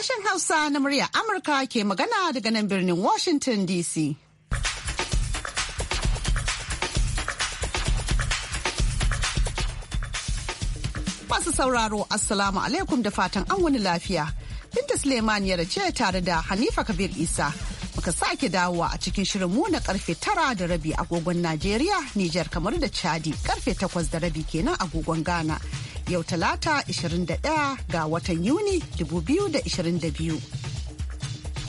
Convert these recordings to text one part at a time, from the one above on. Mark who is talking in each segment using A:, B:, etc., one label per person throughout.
A: Sashen Hausa na murya Amurka ke magana daga nan birnin Washington DC. Masu sauraro, Assalamu alaikum da fatan an wani lafiya. Binta Suleiman yara ce tare da Hanifa Kabir Isa. Muka sake dawowa a cikin shirin mu na karfe tara da rabi agogon Najeriya, Nijar kamar da Chadi karfe takwas da rabi kenan agogon Ghana. yau talata 21 ga watan Yuni 2022.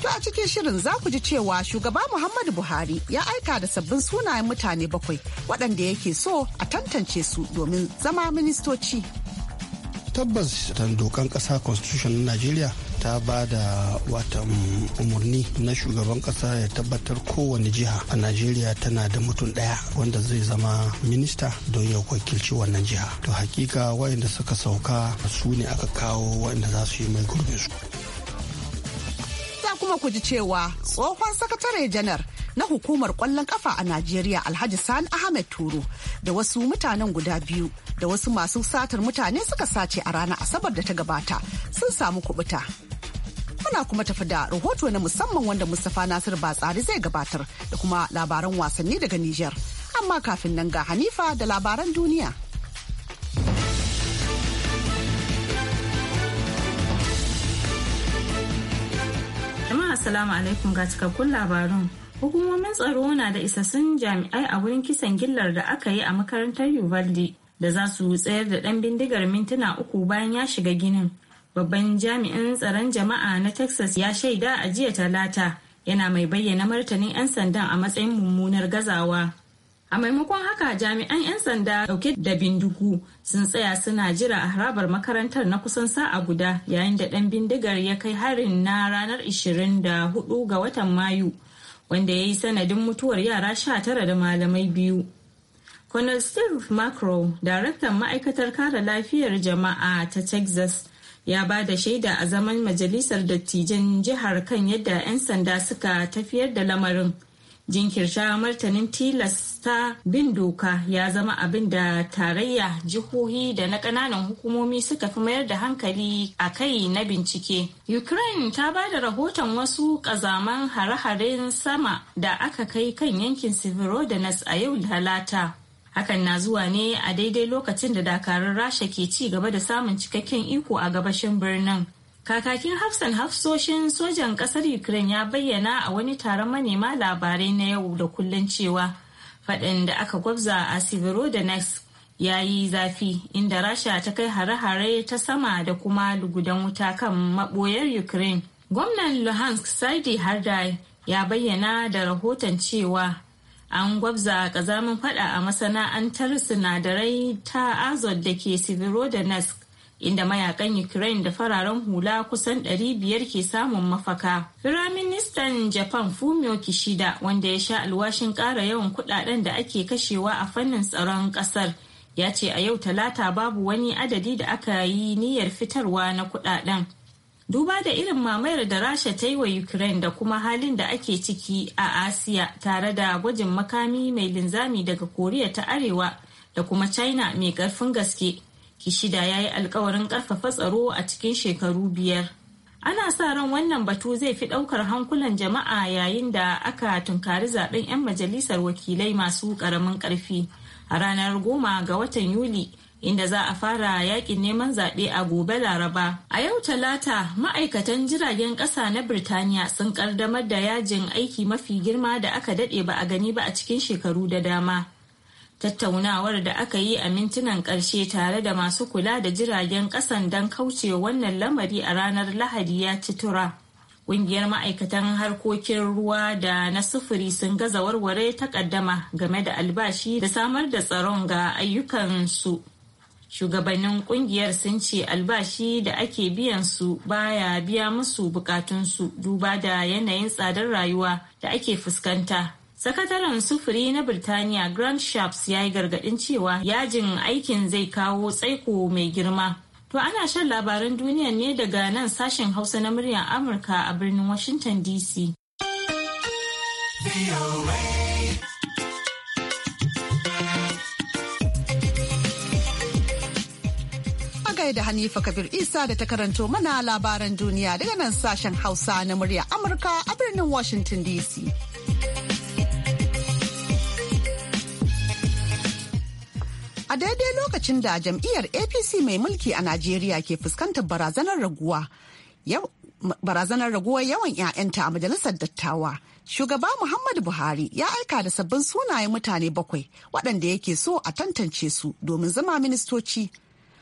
A: To a cikin shirin za ku ji cewa shugaba Muhammadu Buhari ya aika da sabbin sunayen mutane bakwai waɗanda yake so a tantance su domin zama ministoci. Tabbas
B: dokan ƙasa constitution na Najeriya ta ba da watan umarni na shugaban kasa ya tabbatar kowane jiha a najeriya tana da mutum daya wanda zai zama minista don ya wakilci wannan jiha to hakika wayanda suka sauka su ne aka kawo wayanda za su yi mai gurbin su
A: kuma ku ji cewa tsohon sakatare janar na hukumar kwallon kafa a Najeriya Alhaji Sani Ahmed turu da wasu mutanen guda biyu da wasu masu satar mutane suka sace a ranar Asabar da ta gabata sun samu kubuta. Muna kuma tafi da rahoto na musamman wanda Mustapha Nasir Batsari zai gabatar da kuma labaran wasanni daga Nijar. Amma kafin nan ga Hanifa da
C: labaran duniya. Jama'a Assalamu alaikum ga cikakkun labarun. Hukumomin tsaro na da isassun jami'ai a wurin kisan gillar da aka yi a makarantar Uvalde da za su tsayar da ɗan bindigar mintuna uku bayan ya shiga ginin. babban jami'in tsaron jama'a na texas ya shaida a jiya talata yana mai bayyana martanin 'yan sandan a matsayin mummunar gazawa a maimakon haka jami'an 'yan sanda dauke da bindigu sun tsaya suna jira a harabar makarantar na kusan sa'a guda yayin da dan bindigar ya kai harin na ranar 24 ga watan mayu wanda ya yi sanadin mutuwar yara 19 da malamai biyu Colonel Steve Macro, daraktan ma'aikatar kare lafiyar jama'a ta Texas, ya ba da shaida a zaman majalisar dattijan jihar kan yadda 'yan sanda suka tafiyar da lamarin jinkirta martanin tilasta bin doka ya zama abin da tarayya jihohi da na kananan hukumomi suka fi mayar da hankali a kai na bincike ukraine ta ba da rahoton wasu kazaman hare-haren sama da aka kai kan yankin severodonetsk a yau talata hakan na zuwa ne a daidai lokacin da dakarun rasha ke ci gaba da samun cikakken iko a gabashin birnin kakakin hafsan hafsoshin sojan kasar ukraine ya bayyana a wani taron manema labarai na yau da kullun cewa faɗin da aka gwabza a severodonetsk ya yi zafi inda rasha ta kai hare-hare ta sama da kuma lugudan wuta kan maboyar ukraine gwamnan luhansk saidi hardai ya bayyana da rahoton cewa an gwabza kazamin fada a masana'antar sinadarai ta azot da ke da severodonetsk inda mayakan ukraine da fararen hula kusan 500 ke samun mafaka firaministan japan fumio kishida wanda ya sha alwashin kara yawan kudaden da ake kashewa a fannin tsaron kasar ya ce a yau talata babu wani adadi da aka yi niyyar fitarwa na kudaden duba da irin mamayar da rasha ta yi wa ukraine da kuma halin da ake ciki a asiya tare da gwajin makami mai linzami daga koriya ta arewa da kuma china mai karfin gaske kishida ya yi alkawarin karfafa tsaro a cikin shekaru biyar ana sa ran wannan batu zai fi daukar hankulan jama'a yayin da aka tunkari zaben 'yan majalisar wakilai masu karamin karfi a ranar goma ga watan yuli inda za a fara yakin neman zaɓe a gobe laraba a yau talata ma'aikatan jiragen ƙasa na birtaniya sun ƙaddamar da yajin aiki mafi girma da aka daɗe ba a gani ba a cikin shekaru da dama tattaunawar da aka yi a mintunan ƙarshe tare da masu kula da jiragen ƙasan don kauce wannan lamari a ranar lahadi ya ci tura Ƙungiyar ma'aikatan harkokin ruwa da na sufuri sun gaza warware takaddama game da albashi da samar da tsaron ga ayyukansu shugabannin kungiyar sun ce albashi da ake biyan su baya biya musu bukatunsu duba da yanayin tsadar rayuwa da ake fuskanta sakataren sufuri na birtaniya grand shops ya yi gargadin cewa yajin aikin zai kawo tsaiko mai girma to ana shan labaran duniya ne daga nan sashen hausa na muryar amurka a birnin washington dc
A: da Hanifa Kabir Isa da ta karanto mana labaran duniya daga nan sashen Hausa na murya Amurka a birnin Washington DC. A daidai lokacin da jam'iyyar APC mai mulki a Najeriya ke fuskantar barazanar raguwa barazanar raguwar yawan 'ya'yanta a majalisar dattawa. Shugaba Muhammadu Buhari ya aika da sabbin sunayen mutane bakwai waɗanda yake so a tantance su domin zama ministoci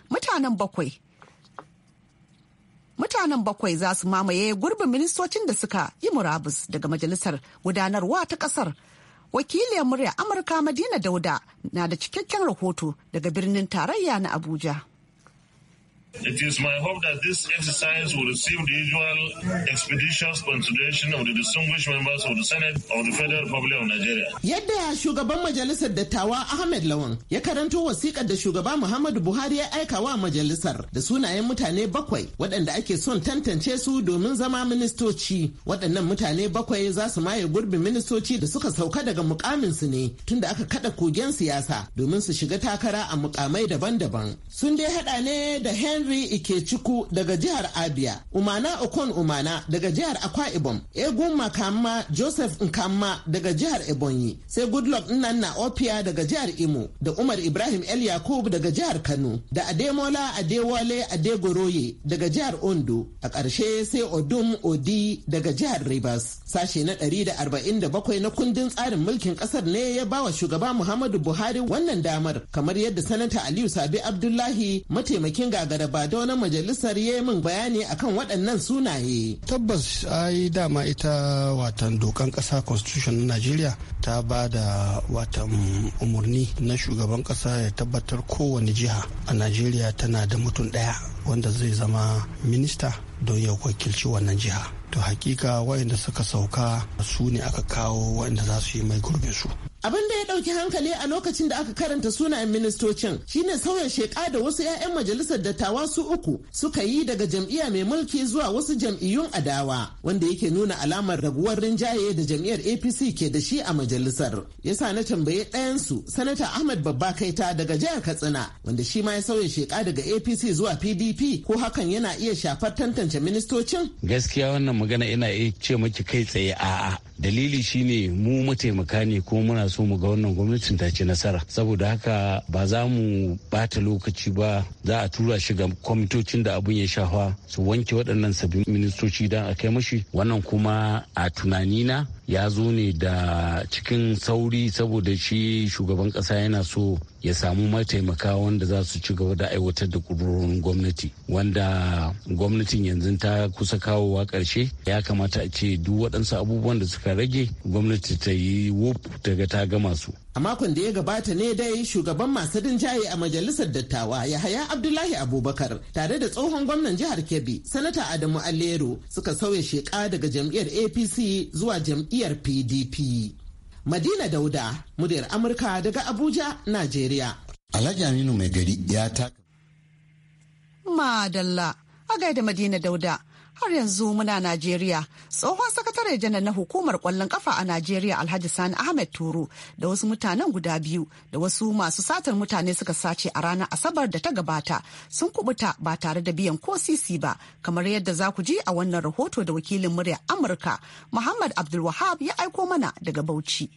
A: mutanen bakwai mutanen bakwai za su mamaye gurbin ministocin da suka yi murabus daga majalisar gudanarwa ta kasar wakiliyar murya amurka madina dauda na da cikakken rahoto daga birnin tarayya na abuja
D: It is my hope that this exercise will receive the usual expeditious consideration of the distinguished members of the Senate
E: of the Federal Republic of Nigeria.
D: Yadda shugaban majalisar dattawa Ahmed Lawan ya karanto wasikar da shugaba Muhammadu Buhari ya aika wa majalisar da sunayen mutane bakwai waɗanda ake son tantance su domin zama ministoci. Waɗannan mutane bakwai za su maye gurbin ministoci da suka sauka daga mukamin su ne tunda aka kaɗa kogen siyasa domin su shiga takara a mukamai daban-daban. Sun dai haɗa ne da Hen Henry Ikechukwu daga jihar Abia, Umana Okon Umana daga jihar Akwa Ibom, Egun Makamma Joseph Nkamma daga jihar Ebonyi, sai Goodluck Nnanna Opia daga jihar Imo, da Umar Ibrahim El Yakub daga jihar Kano, da Ademola Adewale Adegoroye daga jihar Ondo, a ƙarshe sai Odum Odi daga jihar Rivers. Sashe na 147 na kundin tsarin mulkin ƙasar ne ya bawa shugaba Muhammadu Buhari wannan damar, kamar yadda Sanata Aliyu Sabi Abdullahi mataimakin gagara Badau na majalisar ya yi min bayani akan waɗannan sunaye. Tabbas
B: ai dama ita watan dokan ƙasa constitution na Najeriya ta ba da watan umarni na shugaban ƙasa ya tabbatar kowane jiha a Najeriya tana da mutum ɗaya wanda zai zama minista don ya wakilci wannan jiha. to hakika waɗanda suka sauka su ne aka kawo waɗanda za su yi mai gurbin su
D: Abin da ya ɗauki hankali a lokacin da aka karanta sunayen ministocin shine sauya sheka da wasu 'ya'yan majalisar dattawa su uku suka yi daga jam'iyya mai mulki zuwa wasu jam'iyyun adawa wanda yake nuna alamar raguwar rinjaye da jam'iyyar APC ke da shi a majalisar. Yasa na tambaye ɗayansu sanata Ahmad Babba Kaita daga jihar Katsina wanda shi ma ya sauya sheka daga APC zuwa PDP ko hakan yana iya shafar tantance ministocin?
B: Gaskiya wannan magana ina iya ce miki kai tsaye a'a dalili shine mu mataimaka ne ko muna so mu ga wannan gwamnatin ta ce nasara saboda haka ba za mu bata lokaci ba za a tura shi ga kwamitocin da abun ya shafa su wanke waɗannan sabbin ministoci don a kai mashi wannan kuma a tunanina ya zo ne da cikin sauri saboda shi shugaban kasa yana so ya samu mataimaka wanda za su ci gaba da aiwatar da kudurorin gwamnati wanda gwamnatin yanzu ta kusa kawowa ƙarshe ya kamata a ce duk waɗansu abubuwan da suka rage
D: gwamnati ta
B: yi wuf daga ta gama su
D: a makon da ya gabata ne dai shugaban masu rinjaye a majalisar dattawa yahaya abdullahi abubakar tare da tsohon gwamnan jihar kebbi sanata adamu allero suka sauya sheka daga jam'iyyar apc zuwa jam'iyyar jam'iyyar PDP. Madina Dauda, muryar Amurka daga Abuja, Najeriya.
F: Alhaji Aminu mai gari ya taka.
A: Madalla, a gaida Madina Dauda. har yanzu muna Najeriya. Tsohon sakatare janar na hukumar kwallon kafa a Najeriya Alhaji Sani Ahmed Turu da wasu mutanen guda biyu da wasu masu satar mutane suka sace a ranar Asabar da ta gabata sun kubuta ba tare da biyan ko sisi ba kamar yadda za ku ji a wannan rahoto da wakilin murya Amurka Muhammad Abdulwahab ya aiko mana daga Bauchi.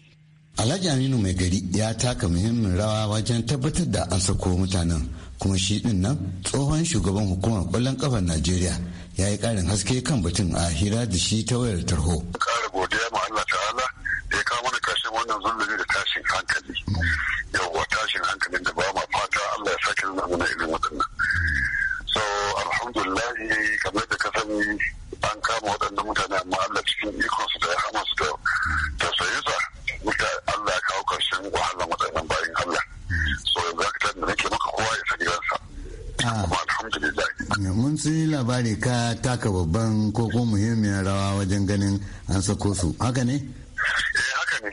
F: Alhaji Aminu mai gari ya taka muhimmin rawa wajen tabbatar da an sako mutanen kuma shi din nan tsohon shugaban hukumar kwallon kafar Najeriya ya yi karin haske kan batun a hira da shi ta wayar tarho. Kara godiya
E: ma Allah ta'ala da ya kawo mana ƙarshen wannan zulumi da tashin hankali. Yawwa tashin hankalin da ba ma fata Allah ya sake zama mana irin waɗannan. So alhamdulillah
F: taka babban ko kuma muhimmiyar rawa wajen ganin an sako su haka ne? eh haka ne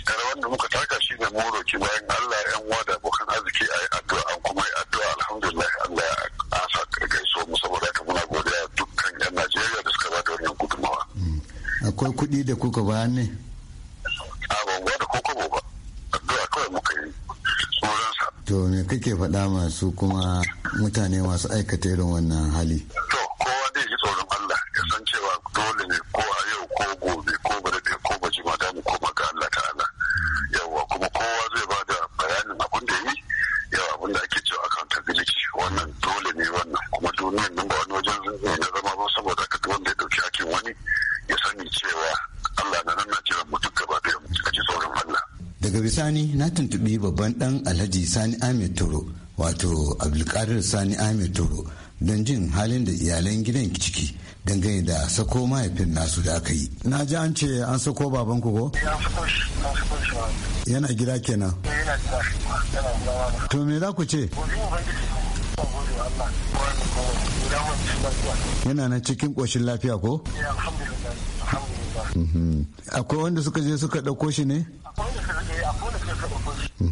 F: rawar da muka taka shi ne moro bayan Allah yan wada da abokan arziki a yi addu'a an kuma yi addu'a alhamdulillah
E: Allah ya asa gaiso mu saboda haka muna godiya dukkan yan Najeriya da suka ba wannan gudunmawa hmm.
F: akwai kuɗi da kuka ba ne a ban da ko ba addu'a kawai muka yi tsoron to me kake faɗa masu kuma mutane masu aikata irin wannan hali sani na tuntubi babban dan alhaji sani ahmed toro wato abdulkadir sani ahmed toro don jin halin da iyalan gidan ciki dangane da sako mahaifin nasu da aka yi na ji an ce an sako baban ko yana gida kenan eh, to me za ku ce yana na cikin ƙoshin lafiya ko eh, mhm. akwai wanda suka je suka ɗauko shi ne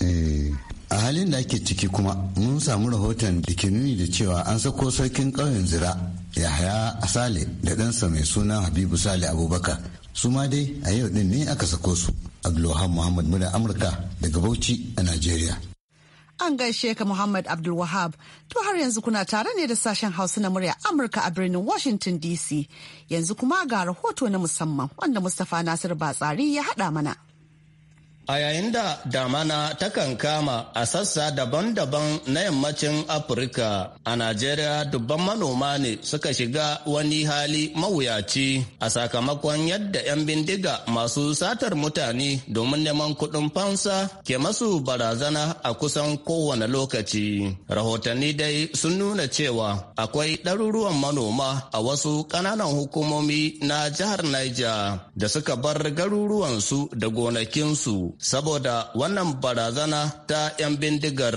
F: Eh, a halin da ake ciki kuma mun samu rahoton da ke nuni da cewa an sako sarkin ƙauyen zira yahaya sale da ɗansa mai suna habibu sale abubakar su ma dai a yau din ne aka sako su abdulwahab muhammad muna amurka daga bauchi a nigeria
A: an gaishe ka muhammad abdulwahab to har yanzu kuna tare ne da sashen hausa na murya amurka a birnin washington dc yanzu kuma ga rahoto na musamman wanda mustapha nasiru batsari ya haɗa mana
G: A yayin da damana takan kama a sassa daban-daban na yammacin Afirka, a Najeriya dubban manoma ne suka shiga wani hali mawuyaci a sakamakon yadda 'yan bindiga masu satar mutane domin neman kuɗin fansa ke masu barazana a kusan kowane lokaci. Rahotanni dai sun nuna cewa akwai ɗaruruwan manoma a wasu ƙananan hukumomi na jihar Niger. da suka bar garuruwansu da gonakinsu saboda wannan barazana ta 'yan bindigar.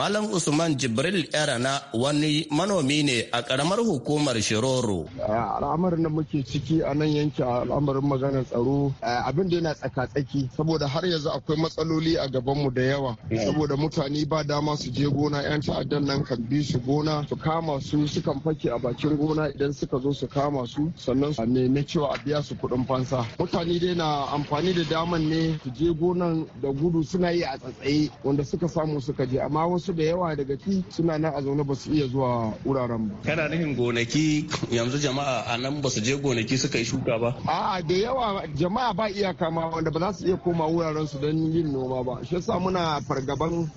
G: Malam Usman Jibril Erana wani manomi ne a ƙaramar hukumar Shiroro.
H: Al'amarin da muke ciki a nan yanki al'amarin maganar tsaro eh, abin da yana tsaka-tsaki saboda har yanzu akwai matsaloli a gabanmu da yawa saboda mutane ba dama su je gona 'yan ta'addan nan kan bi su gona su kama su sukan fake a bakin gona idan suka zo su kama su sannan su cewa a biya su kuɗin fansa mutane dai na amfani da daman ne su je gonan da gudu suna yi a tsatsaye wanda suka samu suka je amma wasu da yawa daga ci suna nan a zaune ba su iya zuwa wuraren ba
G: kana nufin gonaki yanzu jama'a a nan ba su je gonaki suka yi shuka ba
H: a'a da yawa jama'a ba iya kama wanda ba za su iya koma wuraren su don yin noma ba shi yasa muna fargaban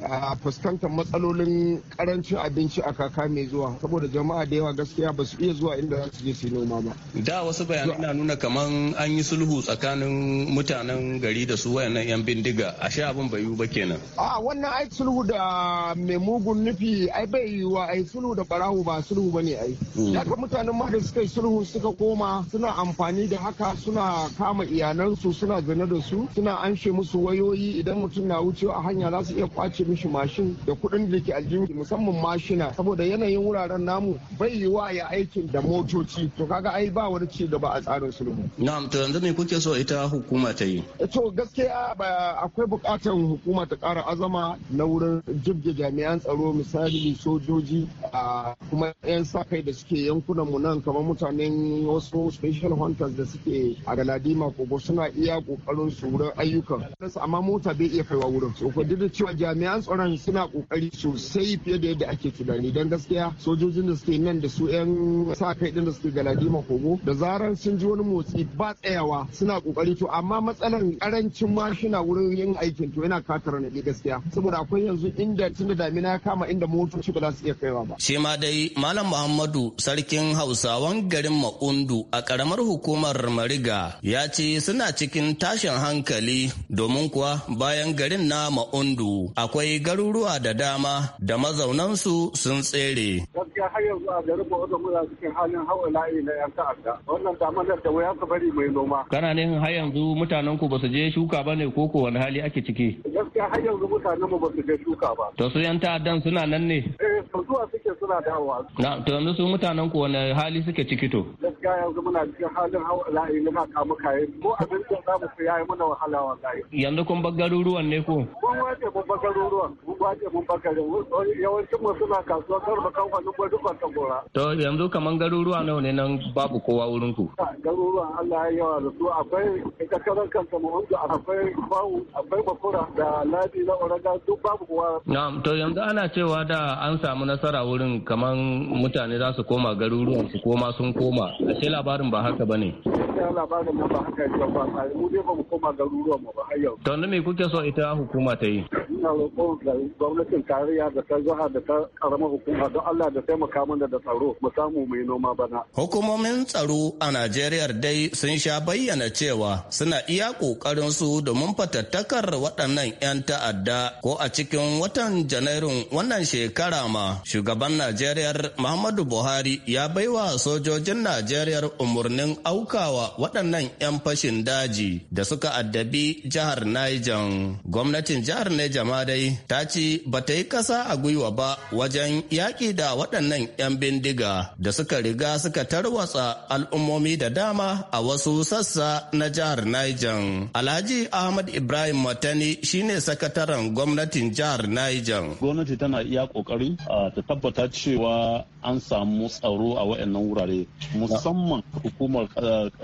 H: fuskantar matsalolin karancin abinci a kaka mai zuwa saboda jama'a da yawa gaskiya ba su iya zuwa inda za su je su yi noma ba
G: da wasu bayanai na nuna kaman an yi sulhu tsakanin mutanen gari da su wayannan yan bindiga a sha abin bai yiwu ba kenan
H: a wannan ai sulhu da mai mugun nufi ai bai yiwuwa ai sulhu da barahu ba sulhu bane ai daga hmm. mutanen ma da suka yi sulhu suka koma suna amfani da haka suna kama iyalansu suna zane da su suna anshe musu wayoyi idan mutum na wucewa a hanya za su iya kwace mishi mashin da kuɗin da ke aljihu musamman mashina saboda yanayin wuraren namu bai yiwuwa ya aikin da motoci to kaga ai ba wani ci gaba a tsarin sulhu
G: na'am yanzu ne kuke so ita hukuma ta yi?
H: To gaskiya akwai bukatar hukuma ta kara azama na wurin jibge jami'an tsaro misali sojoji a kuma 'yan sa kai da suke yankunan mu nan kamar mutanen wasu special hunters da suke a galadima ko suna iya kokarin su wurin ayyukan. Amma mota bai iya kaiwa wurin. So duk da cewa jami'an tsaron suna kokari sosai fiye da yadda ake tunani dan gaskiya sojojin da suke nan da su 'yan sa kai din da suke galadima kogo da zarar sun ji wani motsi ba tsaya yawa suna kokari to amma matsalar karancin mashina wurin yin aikin to yana katar ne gaskiya saboda akwai yanzu inda tunda damina ya kama inda motoci ba za su iya kaiwa ba
G: shi ma dai malam muhammadu sarkin hausawan garin maundu a karamar hukumar mariga ya ce suna cikin tashin hankali domin kuwa bayan garin na maundu akwai garuruwa da dama da mazaunansu sun tsere
H: gaskiya har yanzu a garin maundu muna cikin halin hawa layi na yan ta'adda wannan damar da wuya ka bari mai noma ba.
G: Kana ne har yanzu mutanen ku ba su je shuka ba ne ko wani hali ake ciki?
H: Gaskiya har yanzu
I: mutanen mu ba su je shuka ba.
G: To su yan ta'addan suna nan ne?
I: Eh, su zuwa suke suna dawowa.
G: Na, to yanzu su mutanen ku wani hali suke ciki to?
I: Gaskiya yanzu muna cikin halin la'ayi na kamu kayan ko abin da za mu su yayi muna wahala wallahi.
G: Yanzu kun bar garuruwan ne ko?
I: Mun wace mun bar garuruwan, mun wace mun bar garuruwan. Yawancin mu suna kasuwa kar mu gudu ba ta gora.
G: To yanzu kaman garuruwa nawa ne nan babu kowa wurin ku?
I: Garuruwan Allah ya yawa da su akwai ita karan kanta mawanda akwai bawu akwai bakura da ladi na oraga duk babu kuwa.
G: na'am to yanzu ana cewa da an samu nasara wurin kamar mutane za su koma garuruwan su koma sun koma ashe labarin ba haka bane.
H: gaskiya labarin ba
I: haka yake ba tsari mu dai ba mu koma garuruwan mu ba har yau.
G: to me kuke so ita hukuma ta yi.
I: ina roƙon gwamnatin tarayya da ta jiha da ta karamar hukuma don Allah da taimaka mana da tsaro mu samu mai noma bana.
G: hukumomin tsaro a Najeriya dai sun sha bayyana cewa suna iya ƙoƙarin su domin fatattakar waɗannan 'yan ta'adda ko a cikin watan Janairun wannan shekara ma shugaban Najeriya Muhammadu Buhari ya baiwa sojojin Najeriya umarnin aukawa waɗannan 'yan fashin daji da suka addabi jihar Niger. Gwamnatin jihar Niger ma dai ta ce ba ta yi ƙasa a gwiwa ba wajen yaƙi da waɗannan 'yan bindiga da suka riga suka tarwatsa al'ummomi da dama a wasu sassa sa na jihar Niger. Alhaji Ahmad Ibrahim Matani shine sakataren gwamnatin
I: jihar Niger. Gwamnati tana iya kokari ta tabbata cewa an samu tsaro a waɗannan wurare musamman hukumar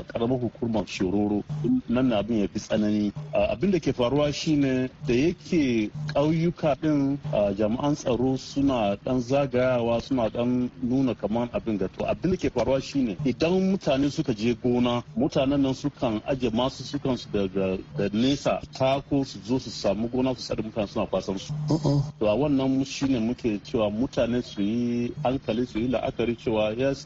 I: karamar hukumar shororo. nan na abin ya fi tsanani abin da ke faruwa shine da yake ƙauyuka din jami'an tsaro suna ɗan zagayawa suna ɗan nuna kamar abin to abin da ke faruwa shine idan mutane suka je gona mutanen nan sukan aje masu sukan su daga da nesa tako su zo su samu gona su sadu mutane suna kwasan su uh-uh. to a wannan shine muke cewa mutane su yi hankali su yi la'akari cewa yes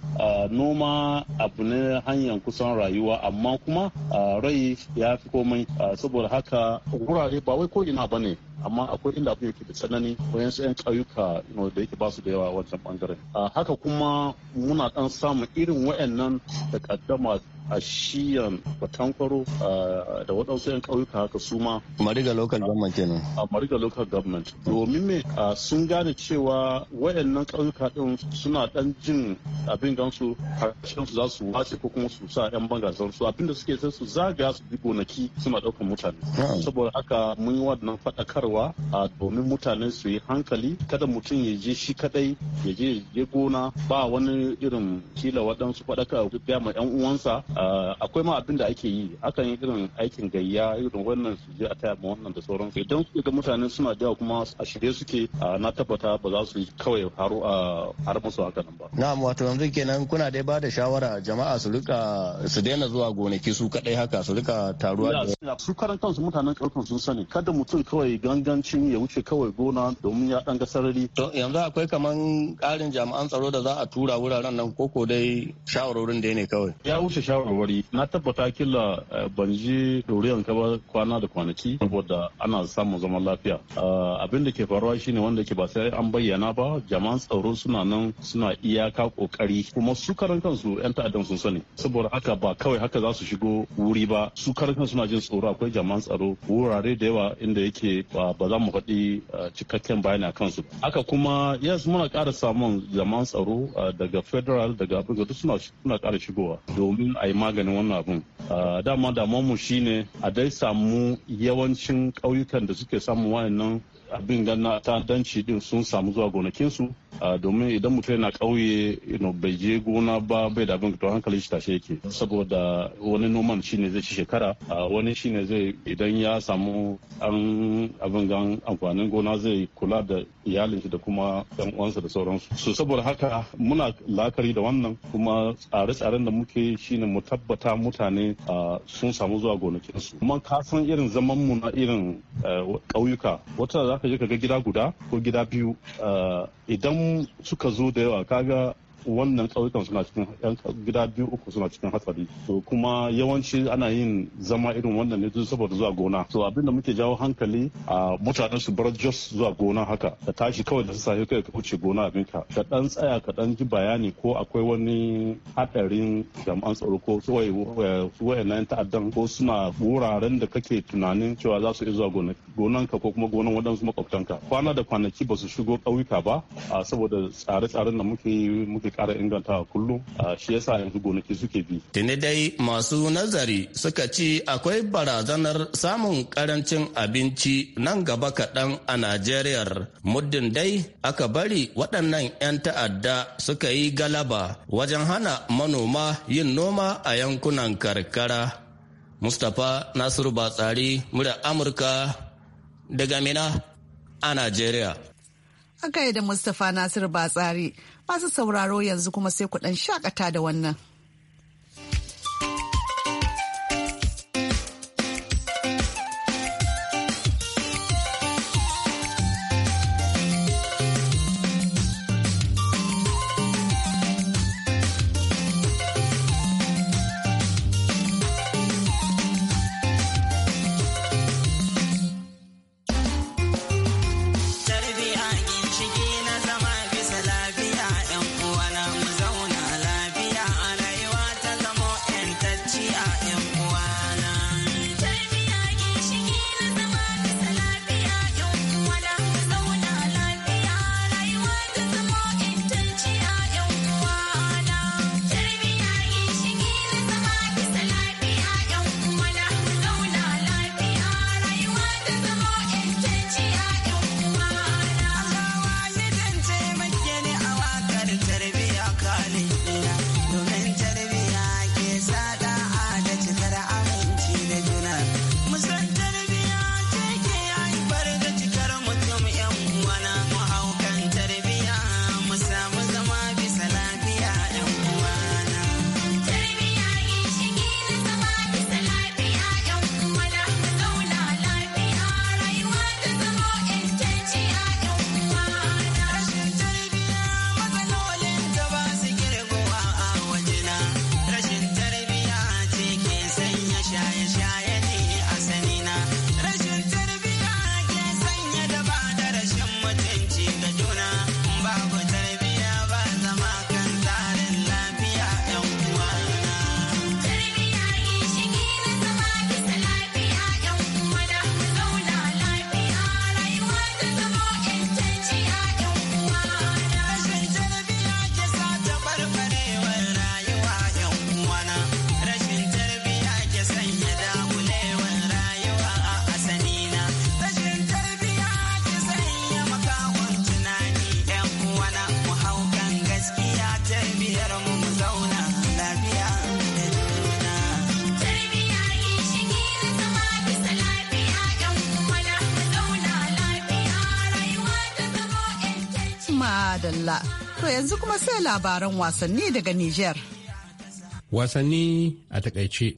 I: noma abu ne hanyar kusan rayuwa amma kuma rai ya fi komai saboda haka wurare ba wai ko ina bane amma akwai inda abin yake da tsanani wayansu 'yan ƙauyuka da yake basu da yawa a wancan bangaren haka kuma muna dan samun irin wayannan da kaddama a shiyan batankwaro da waɗansu 'yan ƙauyuka haka su ma. Mariga local government kenan. A Mariga local government. Domin me sun gane cewa wayannan ƙauyuka ɗin suna ɗan jin abin gansu harshen su za su wace ko kuma su sa 'yan banga su abinda suke sai su zaga su bi gonaki suna ɗaukar mutane. Saboda haka mun yi wannan faɗakarwa a domin mutane su yi hankali kada mutum ya je shi kadai ya je ya gona ba wani irin kila waɗansu faɗakarwa ya ma 'yan uwansa Ah, akwai ma abin da ake yi akan yi irin aikin gayya irin wannan su je a taya ma wannan da sauran idan su ga mutane suna da kuma a shirye suke ah, na tabbata ba za su kawai haro a ah, har musu haka nan ba
G: na'am wato yanzu kenan kuna dai ba da shawara jama'a su rika
I: su daina zuwa gonaki su kadai
G: haka su rika taruwa
I: su karan kansu mutanen karkon sun sani kada mutum kawai gangancin ya wuce kawai gona domin ya dan ga sarari
G: to yanzu akwai kaman karin jami'an tsaro da za a tura wuraren nan koko dai shawarorin da ne kawai
I: ya wuce shawara shawarwari na tabbata kila eh, ban je ɗoriyan ka ba kwana da kwanaki saboda ana samun zaman lafiya ah, abin da ke faruwa shine wanda ke ba sai an bayyana ba jama'an tsaro suna nan suna iyaka kokari kuma su karan kansu yan ta'addan sun sani saboda haka ba kawai haka za su shigo wuri ba su karan kansu suna jin tsoro akwai jama'an tsaro wurare da yawa inda yake ba za mu faɗi eh, cikakken bayani a kansu haka kuma yes muna ƙara samun jama'an tsaro eh, daga federal daga abin da suna ƙara shigowa domin a yi maganin wannan abun dama damuwar mu shine a dai samu yawancin ƙauyukan da suke samun wayannan abin ta ta'addanci din sun samu zuwa gonakinsu domin idan mutum yana ƙauye bai je gona ba bai da abin to hankali shi tashe yake saboda wani noman shine zai ci shekara wani shine zai idan ya samu an abin gan amfanin gona zai kula da iyalin shi da kuma yan uwansa da sauransu so saboda haka muna lakari da wannan kuma tsare-tsaren da muke shine mu tabbata mutane sun samu zuwa gonakinsu kuma ka irin zaman mu na irin eh, ƙauyuka wata za ka je ka ga gida guda ko gida biyu ah, idan suka zo da yawa kaga wannan ƙauyukan suna cikin yan gida biyu uku suna cikin hatsari to kuma yawanci ana yin zama irin wannan ne duk saboda zuwa gona to abinda muke jawo hankali a mutanen su bar jos zuwa gona haka ka tashi kawai da sahi kai ka wuce gona abin ka Ka dan tsaya ka dan ji bayani ko akwai wani hadarin jami'an tsaro ko su wayannan ta'addan ko suna wuraren da kake tunanin cewa za su iya zuwa ka ko kuma gonan waɗansu makwabtanka kwana da kwanaki ba su shigo ƙauyuka ba saboda tsare-tsaren da muke muke ƙara inganta kullum shi yasa yanzu gonaki suke bi.
G: Tuni dai masu nazari suka ci akwai barazanar samun karancin abinci nan gaba kaɗan a Najeriya muddin dai aka bari waɗannan 'yan ta'adda suka yi galaba wajen hana manoma yin noma a yankunan karkara. Mustapha Nasiru Batsari, murya Amurka daga Mina a Najeriya.
A: yi da Mustapha Nasiru Batsari masu sauraro yanzu kuma sai ku ɗan shakata da wannan. yanzu kuma sai labaran wasanni daga Nijar.
D: Wasanni a takaice.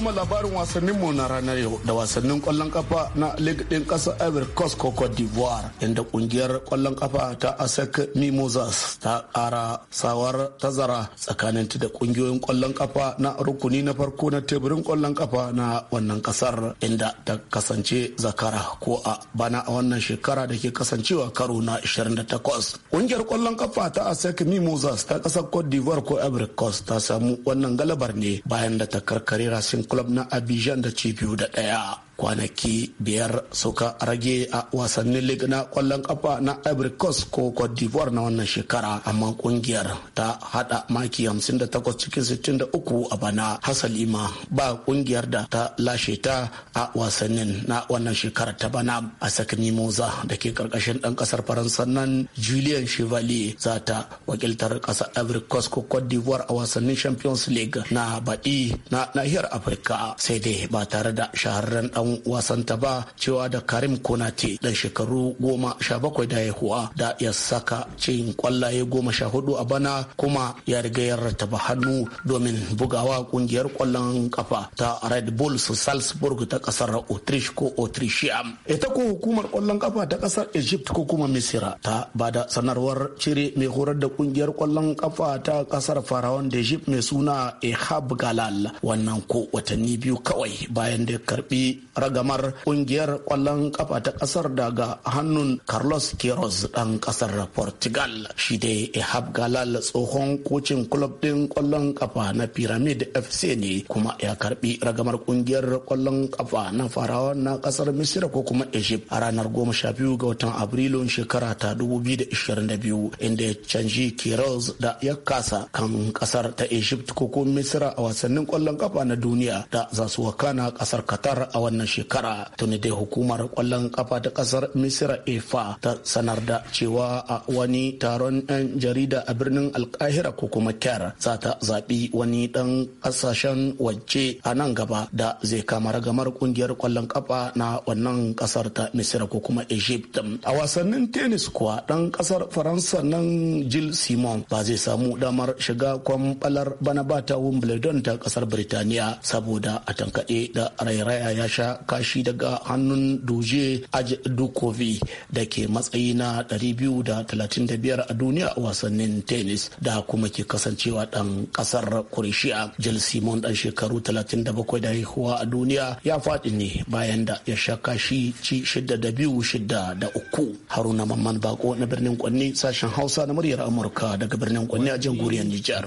B: ma labarin wasannin mu na ranar yau da wasannin kwallon kafa na League ɗin kasar Ivory Coast ko Cote d'Ivoire inda kungiyar kwallon kafa ta ASEC Mimosas ta ƙara sawar tazara tsakanin da kungiyoyin kwallon kafa na rukuni na farko na teburin kwallon kafa na wannan kasar inda ta kasance zakara ko a bana a wannan shekara da ke kasancewa karo na 28 kungiyar kwallon kafa ta ASEC Mimosas ta kasar Cote d'Ivoire ko Ivory Coast ta samu wannan galabar ne bayan da ta karkare rasin club na abidjan da ce biyu da ɗaya kwanaki biyar suka rage a wasannin lig na kwallon kafa na ivory coast ko cote d'ivoire na wannan shekara amma kungiyar ta hada maki 58 cikin 63 a bana hasali ma ba kungiyar da ta lashe ta a wasannin na wannan shekara ta bana a sakini moza da ke karkashin dan kasar faransa nan julian chevalier za ta wakiltar kasar ivory coast ko cote d'ivoire a wasannin champions league na baɗi na nahiyar afirka sai dai ba tare da shahararren dan Wasan wasanta ba cewa da karim konate dan shekaru goma sha bakwai da haihuwa da ya saka cin kwallaye goma sha hudu a bana kuma ya riga ya rataba hannu domin bugawa kungiyar kwallon kafa ta red bulls salzburg ta kasar autrish ko autrishia ita ko hukumar kwallon kafa ta kasar egypt ko kuma misira ta bada sanarwar cire mai horar da kungiyar kwallon kafa ta kasar farawan da egypt mai suna ehab galal wannan ko watanni biyu kawai bayan da karbi ragamar kungiyar kwallon kafa ta kasar daga hannun Carlos Queiroz dan kasar Portugal. Shi dai Ehab Galal tsohon kocin club din kwallon kafa na Pyramid FC ne kuma ya karbi ragamar kungiyar kwallon kafa na farawa na kasar Misira ko kuma Egypt a ranar 12 ga watan Abrilun shekara ta 2022 inda ya canji Queiroz da ya kasa kan kasar ta Egypt ko kuma Misira a wasannin kwallon kafa na duniya da za su wakana kasar Qatar a wannan wannan shekara tuni dai hukumar kwallon kafa ta kasar misira efa ta sanar da cewa a wani taron 'yan jarida a birnin alkahira ko kuma kyar za ta zaɓi wani ɗan ƙasashen waje a nan gaba da zai kama ragamar ƙungiyar kwallon kafa na wannan ƙasar ta misira ko kuma egypt a wasannin tennis kuwa ɗan ƙasar faransa nan jill simon ba zai samu damar shiga kwamɓalar bana ba ta wimbledon ta ƙasar birtaniya saboda a tankaɗe da rairaya ya sha kashi daga hannun doje aj dukovi da ke matsayi na 235 a duniya a wasannin tennis da kuma ke kasancewa dan kasar kurishiya jil simon dan shekaru 37 da haihuwa a duniya ya faɗi ne bayan da ya sha kashi ci shidda da biyu shidda da uku haruna mamman bako na birnin kwanne sashen hausa na muryar amurka daga birnin kwanne a jamhuriyar nijar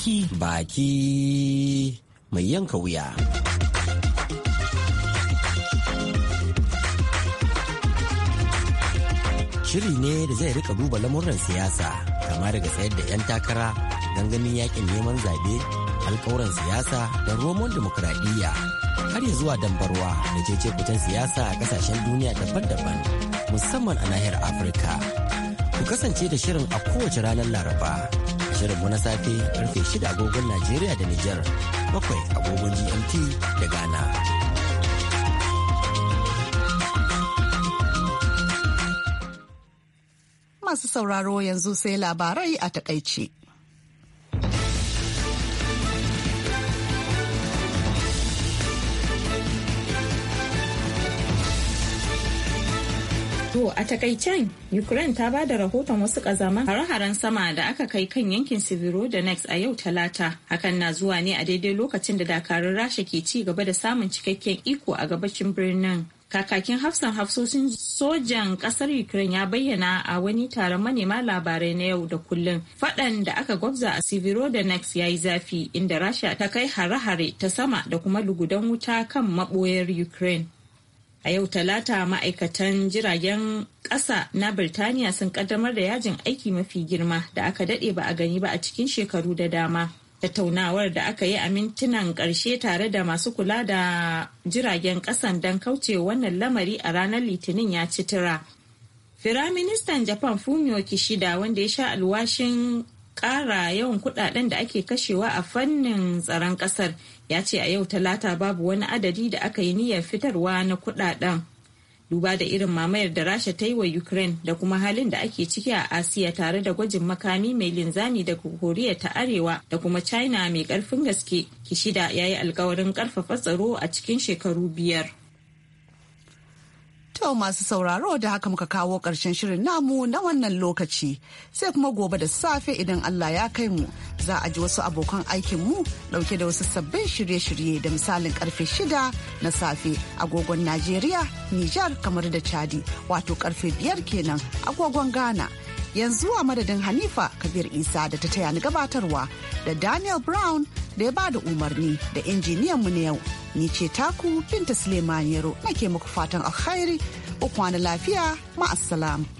E: baki baki mai yanka wuya. Shiri ne da zai rika duba lamuran siyasa kama daga sayar da 'yan takara gangamin yakin neman zaɓe alkawuran siyasa da romon demokuraɗiyya har ya zuwa dambarwa da cece kucin siyasa a ƙasashen duniya daban-daban musamman a nahiyar afirka ku kasance da shirin a kowace ranar laraba shirinmu na safe karfe shida agogon Najeriya da Nijar,
D: bakwai agogon GMT da Ghana.
A: Masu sauraro yanzu sai labarai a takaici.
C: To a takaicen Ukraine ta ba da rahoton wasu kazaman hare-haren sama da aka kai kan yankin da siviro Next a yau talata. Hakan na zuwa ne a daidai lokacin da dakarun Rasha ke ci gaba da samun cikakken iko a gabashin birnin. Kakakin hafsan hafsoshin sojan ƙasar Ukraine ya bayyana a wani taron manema labarai na yau da kullun, Faɗan da aka gwabza a da Next ya yi zafi inda Rasha ta kai hare-hare ta sama da kuma lugudan wuta kan maɓoyar Ukraine. A yau talata ma'aikatan jiragen ƙasa na Birtaniya sun kaddamar da yajin aiki mafi girma da aka daɗe ba a gani ba a cikin shekaru da dama. Tattaunawar da aka yi a mintunan ƙarshe tare da masu kula da jiragen ƙasan don kauce wannan lamari a ranar Litinin ya ci tira. Firaministan Japan Fumio Kishida wanda ya sha alwashin ƙara yawan kudaden da ake kashewa a fannin tsaron ƙasar ya ce a yau talata babu wani adadi da aka yi niyyar fitarwa na kudaden duba da irin mamayar da rasha ta yi wa ukraine da kuma halin da ake ciki a asiya tare da gwajin makami mai linzami daga koriya ta arewa da kuma china mai karfin gaske kishida ya yi alkawarin karfafa tsaro a cikin shekaru biyar
A: To masu sauraro da haka muka kawo ƙarshen shirin namu na wannan lokaci sai kuma gobe da safe idan Allah ya kai mu za a ji wasu abokan aikin mu ɗauke da wasu sabbin shirye-shirye da misalin karfe shida na safe agogon Najeriya, Nijar kamar da Chadi wato karfe biyar kenan agogon Ghana. Yanzu a madadin Hanifa Kabir Isa da ta taya ni gabatarwa da Daniel Brown da ya bada umarni da injiniyan mu na yau ni ce taku binta suleiman yaro nake muku fatan alkhairi uku na lafiya ma'assalam.